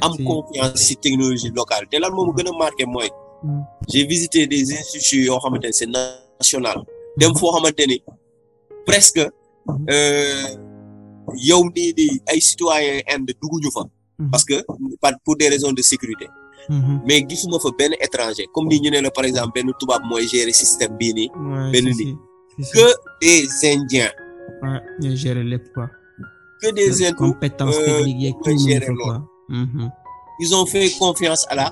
am confiance ci technologie locale te lan moom gën a marqué mooy. j'ai visité des institutions yoo xamante ne c'est national dem foo xamante ni presque euh, yow nii nii ay citoyens ind dugguñu fa. par que pour des raisons de sécurité. mais gisuma fa benn étranger comme ni ñu ne par exemple benn tubaab mooy gérer système bii nii. benn que des Indiens. waaw ñoo gérer lépp quoi. que des Hindous compétence euh, technique yeeg tout le monde quoi. Mhm. ils ont fait confiance à la.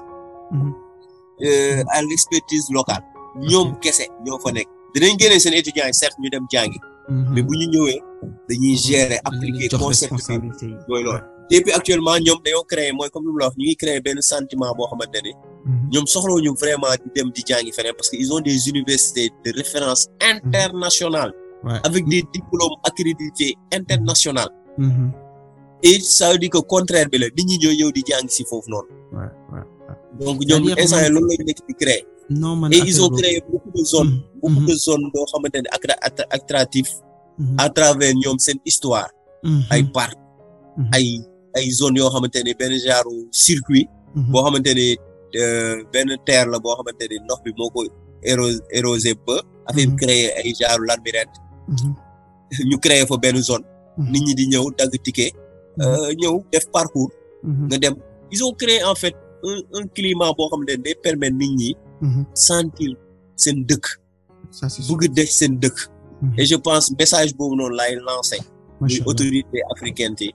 Mhm. Euh, à l'expertise locale. ñoom kese ñoo fa nekk. dinañ génne seen étudiants yi certes ñu dem jàngi. Mhm. mais bu ñu ñëwee dañuy gérer appliquer concept bi mooy loolu. et puis actuellement ñoom dañoo créer mooy comme lu mu la wax ñu sentiment boo xamante Mhm. ñoom soxlawuñu vraiment di dem di jàngi feneen parce que ils ont des universités de référence mhm. internationale avec des diplômes accrédités internationales mhm. et ça veut dire que contraire bi di jàng si foofu noonu donc ñoom instant yi loolu lañu nekk di créer non man et ils ont créé de zones beaucoup de zones boo xamante ne attractif ñoom seen histoire ay parc ay ay zones yoo xamante ne circuit boo xamante benn terre la boo xamante ni ndox bi moo ko éros érosé ba affaire mhm. créer ay genre mhm. ñu créer fo benn zone mhm. nit ñi di ñëw dagg ticket euh, ñëw def parcours nga dem ils ont en fait un un climat boo xamante ne day permettre ñi sentir seen dëkk bëgg def seen dëkk et je pense message boobu noonu laay lancé muy autorité africaine yi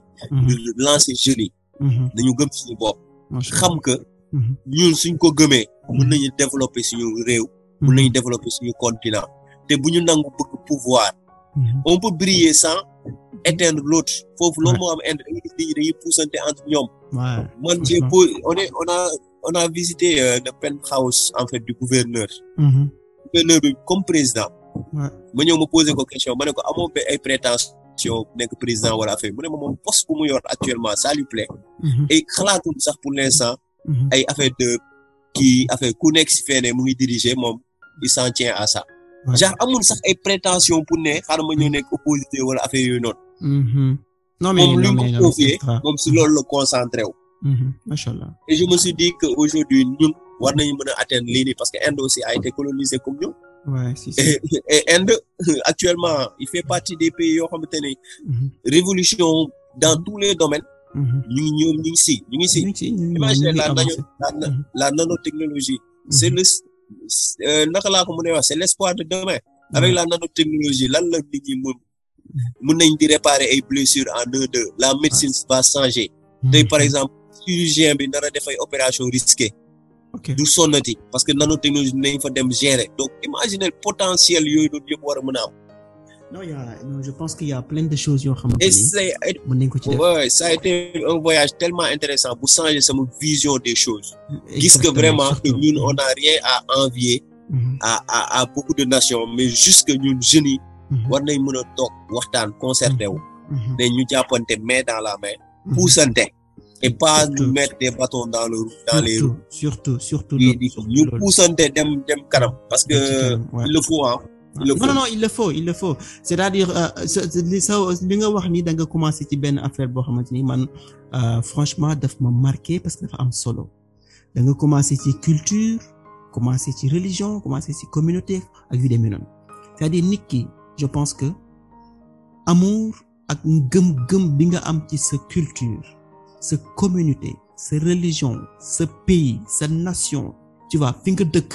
ñu lancé jeunes yi dañu Mhm. ñun suñ ko gëmee. Mhm. mun nañu développer suñu réew. mun mhm. nañu développer suñu continent. te bu ñu nangu bëgg pouvoir. on peut briller sans éteindre l'autre foofu loolu moo am indi dañuy dañuy dañuy poussante entre ñoom. man j'ai on est on a on a visité euh, le penthouse en fait du gouverneur. gouverneur bi comme président. ma ñëw ma posé ko question ma ne ko amoo ay prétentions. yo nekk président wala affaire mu ne ma moom poste bu mu yor actuellement ça lui plaît et xalaatum sax Mm-hmm. ay affaire de kii affaire ku nekk si feene mu ngi diriger moom il s'en tient à ça genre amul sax ay prétention pour ne xaaral ma ñëw nekk opposité wala affaire yooyu noonu mm-hmm. non mais moom ko confié moom si loolu la concentré wu mm-hmm. macha allah et je me suis dit que aujourd'hui ñun war nañu mën a lii parce que Inde aussi a été colonisée comme ñun Ouais, Inde actuellement il fait partie des pays yoo xamante ne révolution dans tous les domaines Mm-hmm. ñu ngi ñoom ñu ngi si ñu ngi si imagine la nano mm-hmm. la nanotechnologie mm-hmm. c'est le euh, naka laa ko mën a wax c'est l'espoir de demain avec la nanotechnologie lan la nit ñi mën mën nañ di réparer ay blessures en un de la médecine va sanger tey par exemple chirurgien bi dara def ay opération risquée du sonnati parce que nanotechnologie dinañ fa dem gérer donc imaginer potentiel yooyu doon yëpp war a mën a am non y' a non je pense qu'il y a plein de choses yoo xamante ni a été un voyage tellement intéressant bu changer sama vision des choses. gis que vraiment que ñun on a rien à envier. Mm-hmm. à beaucoup de nations mais juste que ñun jeunes yi. Mm-hmm. war a toog waxtaan concerté wu. mais mm-hmm. ñu jàppante mais dans la main. puusante. et pas nous mettre des bâtons dans le dans les roues. surtout surtout ñu puusante dem kanam. parce que le faut non ah, non non il le faut le faut c'est-à-dire euh, li nga wax nii da nga commencé ci benn affaire boo xamante ni man euh, franchement daf ma marqué parce que dafa am solo da nga commencé ci culture commencé ci religion commencé ci communauté ak yu demee noonu c'est-à-dire nit ki je pense que amour ak gëm-gëm bi nga am ci sa culture sa communauté sa religion sa pays sa nation tu vois fi nga dëkk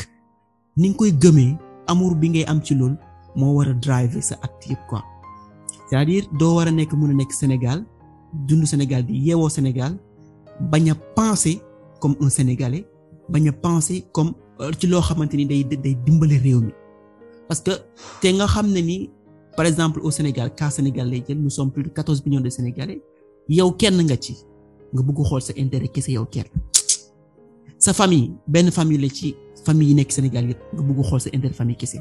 ni nga koy gëmee. amour bi ngay am ci loolu moo war a driver sa acte yëpp quoi cest à doo war a nekk mën a nekk Sénégal dund Sénégal di yeewoo Sénégal bañ a penser comme un Sénégalais bañ comme euh, ci loo xamante ni day day dimbali réew mi parce que te nga xam ne ni par exemple au Sénégal cas Sénégal lay jël nous sommes plus de quatorze de Sénégalais yow kenn nga ci nga bëgg xool sa intérêt kese yow kenn sa famille benn famille ci. famille yi nekk Sénégal yëpp nga bëgg xool sa interfamille kese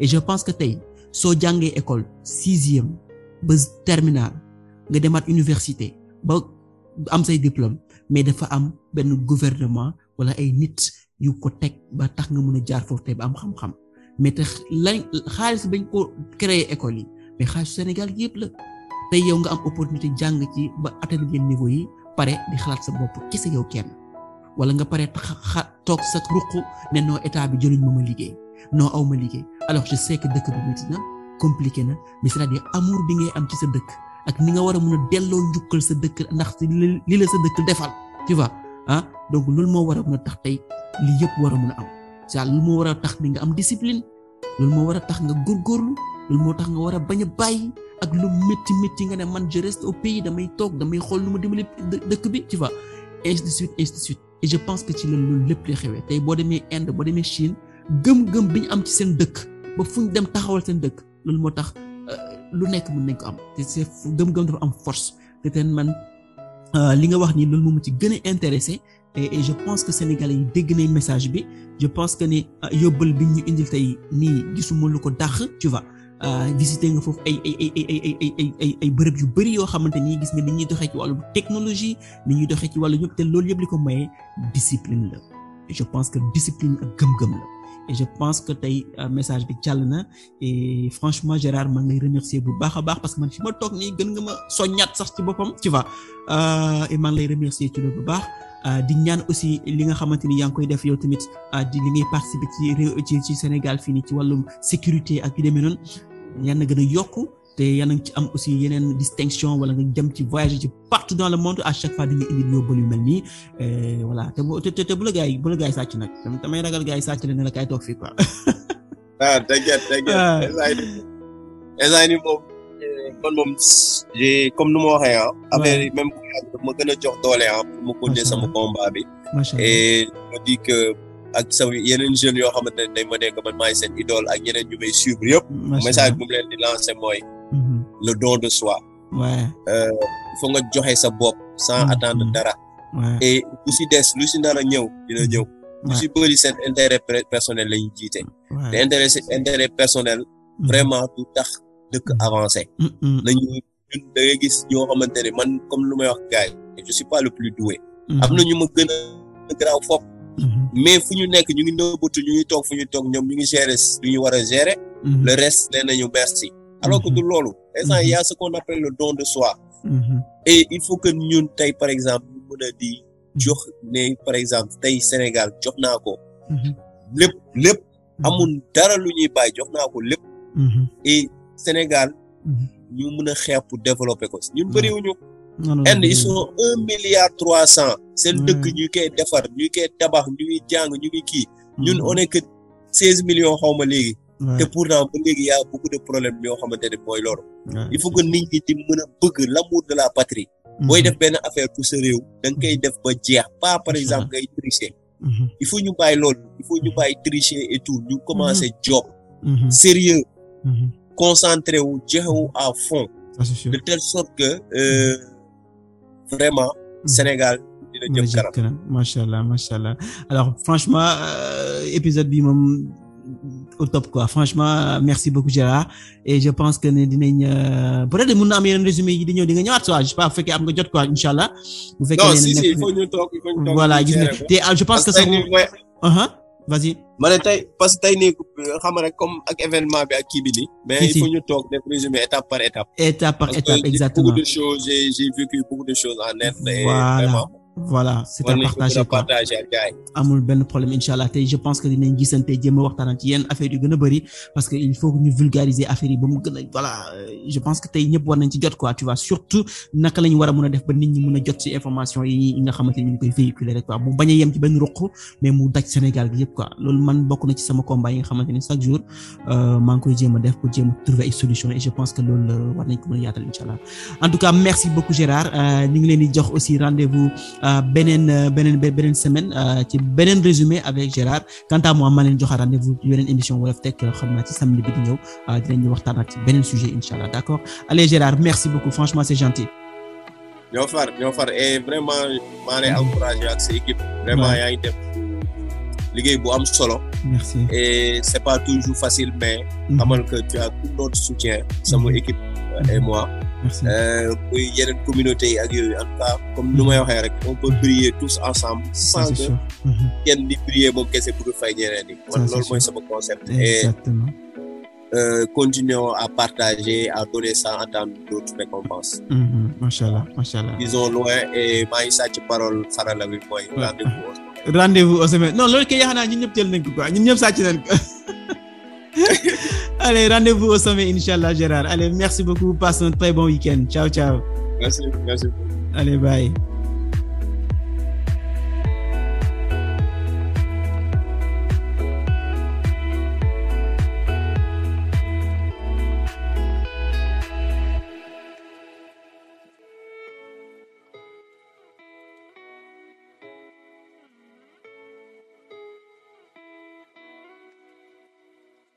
et je pense que tey soo jàngee école sixième ba terminale nga demaat université ba am say diplôme mais dafa am benn gouvernement wala ay nit yu ko teg ba tax nga mën a jaar foofu tey ba am xam-xam mais te xaalis bañ ko créer école yi mais xaalis Sénégal yëpp la tey yow nga am opportunité jàng ci ba atteindre yenn niveau yi pare di xalaat sa bopp kese yow kenn. wala nga pare toog sa ruq ne non état bi jëluñ ma ma liggéey noo aw ma liggéey alors je sais dëkk bi métti na compliqué na mais c'est-à-dire bi ngay am ci sa dëkk ak ni nga war a mun a delloo njukkal sa dëkk ndax li la sa dëkk defal tu vois ah donc loolu moo war a mën tax tey li yëpp war a mun a am c'est-à-dire moo war a tax ni nga am discipline loolu moo war a tax nga góor góorgóorlu loolu moo tax nga war a bañ bàyyi ak lu métti métti nga ne man je reste au pays damay toog damay xool nu ma dimbali dëkk bi tu vois ainsi de et je pense que ci la loolu lépp lay xewee tey boo demee Inde boo demee Chine gëm-gëm bi ñu am ci seen dëkk ba fu ñu dem taxawal seen dëkk loolu moo tax euh, lu nekk mu nañ ko am te c'est gëm-gëm dafa am force te teen man euh, li nga wax nii loolu moom ci gën intéresé intéressé et je pense que sénégalais yi dégg nañ message bi je pense que ni euh, yóbbal bi ñu indil tey nii gisuma lu ko dàq tu vois. Euh, visité nga foofu ay ay ay ay ay ay bërëb yu bëri yoo xamante ni gis nga ni ñuy doxee ci wàllu technologie ni ñuy doxee ci wàllu ñëpp te loolu yëpp li ko maye discipline la je pense que discipline ak gëm-gëm je pense que tey euh, message bi jàll na et franchement Gérard maa ngi lay remercier bu baax a baax parce que man fi ma toog nii gën nga ma soññaat sax ci boppam ci vois euh, et maa ngi lay remercier ci loolu bu baax. di ñaan aussi li nga xamante ni yaa ngi koy def yow tamit di li ngay participer ci réew ci Sénégal fii nii ci wàllum sécurité ak yu yal na gën a yokk te yan na ci am aussi yeneen distinction wala nga jëm ci voyager ci partout dans le monde à chaque fois dañuy indi yóbbal yu mel nii euh, voilà te bu te bu la gars yi bu la nag damay ragal gars yi sàcc la ne la kaay toog fii quoi. ah dëgg dëgg ah. ni moom kon euh, moom j'ai comme nu ma waxee ah. affaire yi même bu ma gën a jox doole ah. pour ma continuer sama combat bi. macha allah et que. ak sama yeneen jeunes yoo xamante ne dañ ma nekk man maay seen idole ak yeneen ñu may suivre yëpp. Mhm. le don de soi. waaw euh, foog nga joxe sa bopp. sans mhm. attendre dara. et lu si des lu si nar a ñëw dina mhm. ñëw. lu si bëri seen intérêt personnel la ñu jiite. te intérêt intérêt personnel. vraiment du tax dëkk avancé. nañu ñun da ngay gis ne man comme lu may wax gars yi je suis pas le plus doué. am na ñu ma gën Mm-hmm. mais fu ñu nekk ñu ngi nëbbatu ñu ngi toog fu ñu toog ñoom ñu ngi gérer ñu war a gérer. Mm-hmm. le reste nee nañu merci. alors que du mm-hmm. loolu. instant a ce qu'on appelle le don de soi. il faut que ñun tey par exemple ñu mën di jox ne par exemple tey Sénégal jox naa ko. lépp lépp amul dara lu ñuy bàyyi jox naa ko lépp. et Sénégal. ñu mën a xeex pour développer ko ñun Inde ils sont un milliard trois cent seen dëkk mm. ñu defar ñu koy tabax ñu ngi jàng ñu ngi ñun mm. on seize millions xaw ma léegi te pourtant ba léegi y'a beaucoup de problèmes yoo xamante ne mooy loolu il faut que nit ñi di mën a bëgg l'amour de la patrie mm-hmm. booy def benn affaire pour sa réew da nga koy mm-hmm. def ba jeex pas par exemple ngay tricher mm-hmm. il faut ñu bàyyi loolu il faut ñu bàyyi tricher et tout ñu commencer job sérieux concentré wu jeexewu à de telle sorte que euh, vraiment hmm. Sénégal dina jëm kanam macha allah macha allah alors franchement euh, épisode bi moom au top quoi franchement euh, merci beaucoup Gérard et je pense que ne dinañ euh, peut-être mën am yeneen résumé yi di nga ñëwaat soit je sais pas bu am nga jot quoi incha non si si il faut ñu toog il faut vas-y ma ne tey parce que tey nii xam rek comme ak événement bi ak kii bi nii. mais il faut ñu toog def résumé étape par étape. étape par étape exactement parce que beaucoup de choses j'ai vécu voilà voilà c'est à partager quoi amul benn problème incha allah tey je pense ci yenn affaire yu gën a bëri parce que il faut que ñu vulgariser affaire yi ba mu gën a voilà je pense que tey ñëpp war nañ ci jot quoi tu vois surtout naka lañ war a mën a def ba nit ñi mën a jot ci information yi nga xamante ni ñu koy véhiculer rek mu bañ yem ci benn ruq mais mu daj Sénégal gi yëpp loolu man bokk na ci sama combat yi nga xamante chaque jour euh, Euh, beneen euh, beneen beneen semaine euh, ci beneen résumé avec Gérard quant à moi ma leen jox rendez-vous yeneen émission Wolof Tech xam na ci sam bi di ñëw dinañu waxtaan ak ci beneen sujet incha allah d'accord allez Gérard merci beaucoup franchement c'est gentil. ñoo far ñoo far et vraiment maa lay mm-hmm. encouragé ak vraiment yaa ngi def liggéey bu am solo. merci et c'est pas toujours facile mais. xamal mm-hmm. que tu as tout notre soutien. sama mm-hmm. équipe et moi. Euh, muy yeneen communauté yi ak yooyu en tout nu may waxee rek on peut mm-hmm. prier tous ensemble sans que mm-hmm. kenn di prier moom kese pour fay ñeneen yi man loolu mooy sama concept et Euh, à partager à donner ça en temps d'autres récompenses. Mm-hmm. macha allah macha allah. disons loin et maa ngi sàcc parole sa bi mooy. rendez-vous. rendez au sommet non loolu kay yaakaar naa ñun ñëpp jël nañ ko quoi ñun ñëpp sàcc Allez, rendez-vous au sommet, Inch'Allah, Gérard. Allez, merci beaucoup. Passe un très bon week-end. Ciao, ciao. Merci, merci. Allez, bye.